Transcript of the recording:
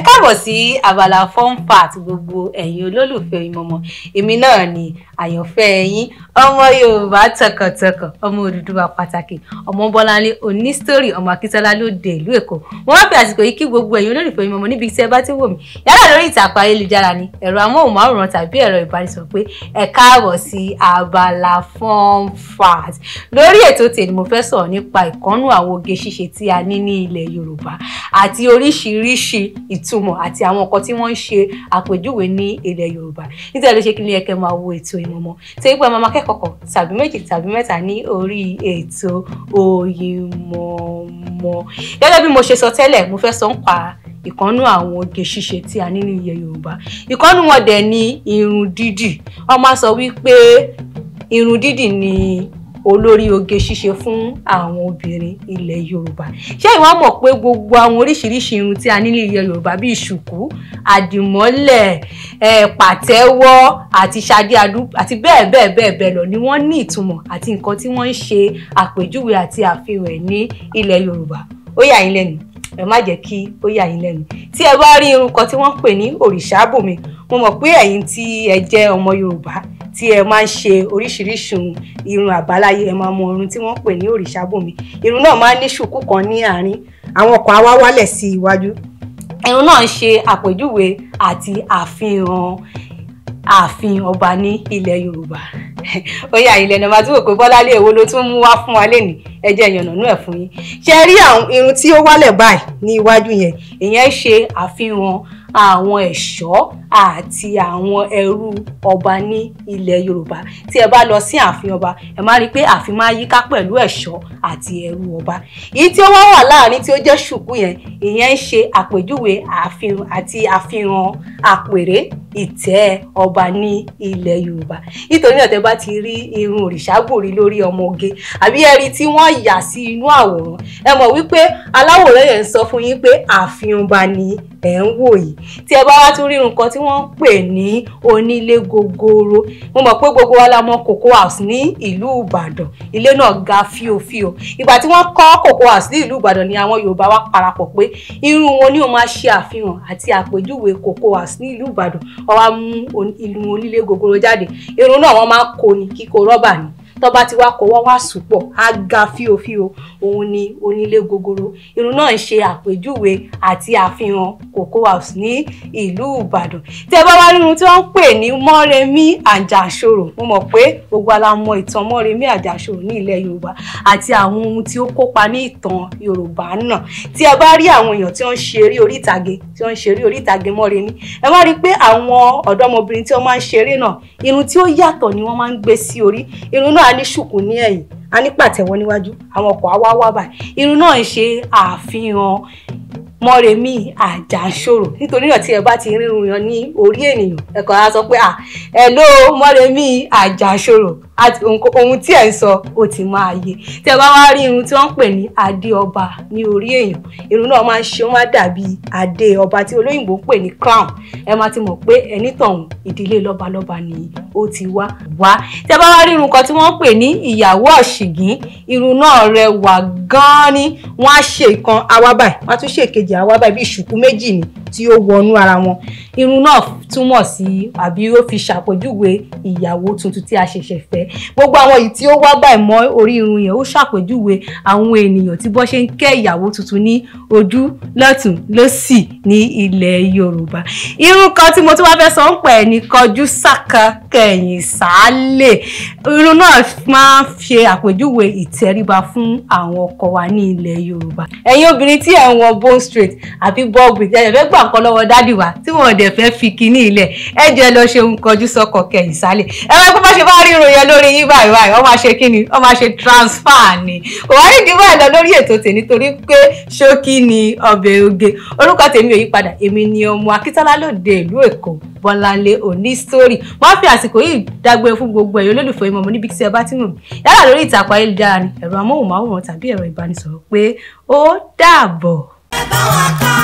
ẹ káàbọ̀ sí abala fun fact gbogbo ẹ̀yin olólùfẹ́ Oyinmomo èmi náà ni àyànfẹ́ yín ọmọ Yorùbá tọkàntọkàn ọmọ Odùduwà pàtàkì ọmọ Bọ́láńlé onísítórì ọmọ Akíntọ́lá ló dé ìlú Èkó mo wá pè àsìkò yìí kí gbogbo ẹ̀yin olólùfẹ́ Oyinmomo níbi tí ẹ bá ti wò mí yálà lórí ìtàkùn ayélujára ni ẹ̀rọ amóhùnmáwòrán tàbí ẹ̀rọ ìbánisọ̀rọ̀ pé ẹ káàbọ̀ sí abala fun ìtumọ̀ àti àwọn nǹkan tí wọ́n ń ṣe àpèjúwe ní ilẹ̀ yorùbá nítorí ló ṣe kí ni ẹ kẹ́ máa wo ètò Oyinmomo ṣe é pé ẹ máa máa kẹ́kọ̀ọ́ kan tàbí méjì tàbí mẹ́ta ní orí ètò Oyinmomo gẹ́gẹ́ bí mo ṣe sọ tẹ́lẹ̀ mo fẹ́ sọ ń pa ìkọ́nú àwọn oge ṣíṣe tí a ní ní ilẹ̀ yorùbá ìkọ́nú wọn dẹ̀ ni irun dídì wọ́n máa sọ wípé irun dídì ni olórí oge ṣíṣe fún àwọn obìnrin ilẹ̀ yorùbá ṣé ìwọ mọ̀ pé gbogbo àwọn oríṣiríṣi irun tí a nílé ilẹ̀ yorùbá bíi ṣùkú àdìmọ́lẹ̀ pàtẹ́wọ́ àti ṣadé adú àti bẹ́ẹ̀ bẹ́ẹ̀ bẹ́ẹ̀ bẹ́ẹ̀ lọ ni wọ́n ní ìtumọ̀ àti nǹkan tí wọ́n ń ṣe àpèjúwe àti àfihàn ẹ̀ ní ilẹ̀ yorùbá ó yà yín lẹ́nu ẹ má jẹ́ kí ó yà yín lẹ́nu tí ẹ bá rí irun kan tí wọ́n pè ní òrìṣàbùnmi mo mọ̀ pé ẹ̀yin tí ẹ jẹ́ ọmọ yorùbá tí ẹ máa ń ṣe oríṣiríṣi irun àbáláyé ẹ máa mọ irun tí wọ́n pè ní òrìṣàbùnmi irun náà máa ń ní ṣùkú kan ní àárín àwọn kan á wá sí iwájú irun náà ń ṣe àpèjúwe àti àfihàn ààfin ọba ní ilẹ̀ yorùbá ó yá ilẹ̀ nàmà tí wò pé bọ́láńlé èwo ló tún mú wá fún wa lénìí ẹjẹ́ ìyànnànú ẹ̀ fún yín ṣe rí àwọn irun tí ó wálẹ̀ báyìí ní iwájú yẹn ìyẹn ṣe àfihàn àwọn ẹ̀ṣọ́ àti àwọn ẹrú ọba ní ilẹ̀ Yorùbá tí ẹ bá lọ sí ààfin ọba ẹ máa rí i pé ààfin máa yíká pẹ̀lú ẹ̀ṣọ́ àti ẹrú ọba èyí tí ó wá wà láàrin tí ó jẹ́ ṣùkú yẹn ìyẹn ń ṣe àpèjúwe àfihàn àti àfihàn àpèrè ìtẹ́ ọba ní ilẹ̀ yorùbá nítorí náà tẹ́ bá ti rí irun òrìṣàgbòrí lórí ọmọge àbí ẹ̀rí tí wọ́n yà sí inú àwòrán ẹ mọ̀ wípé aláwòrán yẹn ń sọ fún yín pé àfihàn bá ní ẹ̀ ń wò yìí tí ẹ bá wá tún rí nǹkan tí wọ́n ń pè ní onílé gogoro mo mọ̀ pé gbogbo wa la mọ̀ cocoa house ní ìlú ìbàdàn ilé náà ga fíofío ìgbà tí wọ́n kọ́ cocoa house ní ìlú ìbàdàn ni àwọn yorùbá wa parapọ̀ pé irun wọn ni ó máa ṣe àfihàn àti àpèjúwe cocoa house ní ìlú ìbàdàn wọ́n wá mú ìlú onílé gogoro jáde irun náà wọ́n máa ń kó ni kíkó rọ́bà ni tó bá ti wá kó wọ́n wá sùpọ̀ á ga fíofío òun ni onílé gogoro irun náà ń ṣe àpèjúwe àti àfihàn Cocoa House ní ìlú Ìbàdàn tẹ bá wá nínú tí wọ́n ń pè ní Mọ́remí Àjàṣorò mo mọ̀ pé gbogbo ala mọ ìtàn Mọ́remí Àjàṣorò ní ilẹ̀ Yorùbá àti àwọn ohun tí ó kópa ní ìtàn Yorùbá náà tí ẹ bá rí àwọn èèyàn tí wọ́n ń ṣeré orí ìtàgé tí wọ́n ń ṣeré orí ìtàgé Mọ́remí ẹ má rí i pé àwọn ọ̀dọ́mọbìnrin tí wọ́n máa ń ṣeré náà irun tí ó yàtọ̀ ni wọ́n máa ń gbé sí orí irun náà a ní ṣùkú ní ẹ̀yìn a ní pàtẹ́wọ́ níwájú àwọn ọkọ̀ àwa wá báyìí irun náà ń ṣe àfihàn mọ́remí àjàṣòro nítorí náà tí ẹ bá ti rírun yan ní orí ènìyàn ẹ̀kọ́ á sọ pé à hello mọ́remí àjàṣòro ohun tí ẹ̀ ń sọ ó ti máa yé tẹ bá wá rí irun tí wọ́n ń pè ní adé ọba ní orí èèyàn irun náà máa ń ṣe wọ́n máa dàbí adé ọba tí olóyìnbó ń pè ní crown ẹ máa ti mọ̀ pé ẹni tọ̀hún ìdílé lọ́balọ́ba ni ó ti wá wá tẹ bá wá rí irun kan tí wọ́n ń pè ní ìyàwó ọ̀ṣìngín irun náà rẹwà gan-an ni wọ́n á ṣe ìkan àwa báyìí wọ́n á tún ṣe ìkejì àwa báyìí bí ìṣùkú méjì ni tí ó wọnú ara wọn irun náà túmọ̀ sí àbí ó fi ṣàpèjúwe ìyàwó tuntun tí a ṣẹ̀ṣẹ̀ fẹ́ gbogbo àwọn yìí tí ó wá báyìí mọ́ orí irun yẹn ó ṣàpèjúwe àwọn ènìyàn tí bọ́ ṣe ń kẹ́ ìyàwó tuntun ní ojú lọ́tún lọ́sì ní ilẹ̀ yorùbá irú kan tí mo tún wá fẹ́ sọ ń pẹ̀ ní kọjú sàkà kẹ̀yìn sàálè irun náà máa ń ṣe àpèjúwe ìtẹríba fún àwọn ọkọ wa ní ilẹ̀ yorùbá ẹ̀yin obìnrin tí ẹ̀ ń wọ bone straight àbí bọ́ọ̀gbì ẹ̀ fẹ́ gbà kan lọ́wọ́ dádì wa tí wọ́n dẹ̀ fẹ́ fi kinní ilẹ̀ ẹ jẹ́ lọ ṣe ń kọjú sọ́kọ kẹ̀yìn sàálè ẹ wá pé bá ṣe bá rí irun lórí yín báyìí báyìí wọ́n máa ṣe kí ni wọ́n máa ṣe transfer ni kò wá nídìí lọ lórí ètò tèmi torí pé ṣókí ni ọbẹ̀ oge orúkọ tèmi ò yí padà èmi ni ọmọ akíntọ́lá lóde ìlú èkó bọ́láńlé òní sítórì wọ́n á fi àsìkò yìí dágbére fún gbogbo ẹ̀yọ́ olólùfẹ́ ìmọ̀ ọmọ níbi tí ẹ bá ti mọ̀ mí yálà lórí ìtàkùn ayélujára ni ẹ̀rọ amóhùnmáwòrán tàbí ẹ̀rọ ìbánisọ̀rọ̀ pé ó dàbọ̀. ẹ bá wa kọ́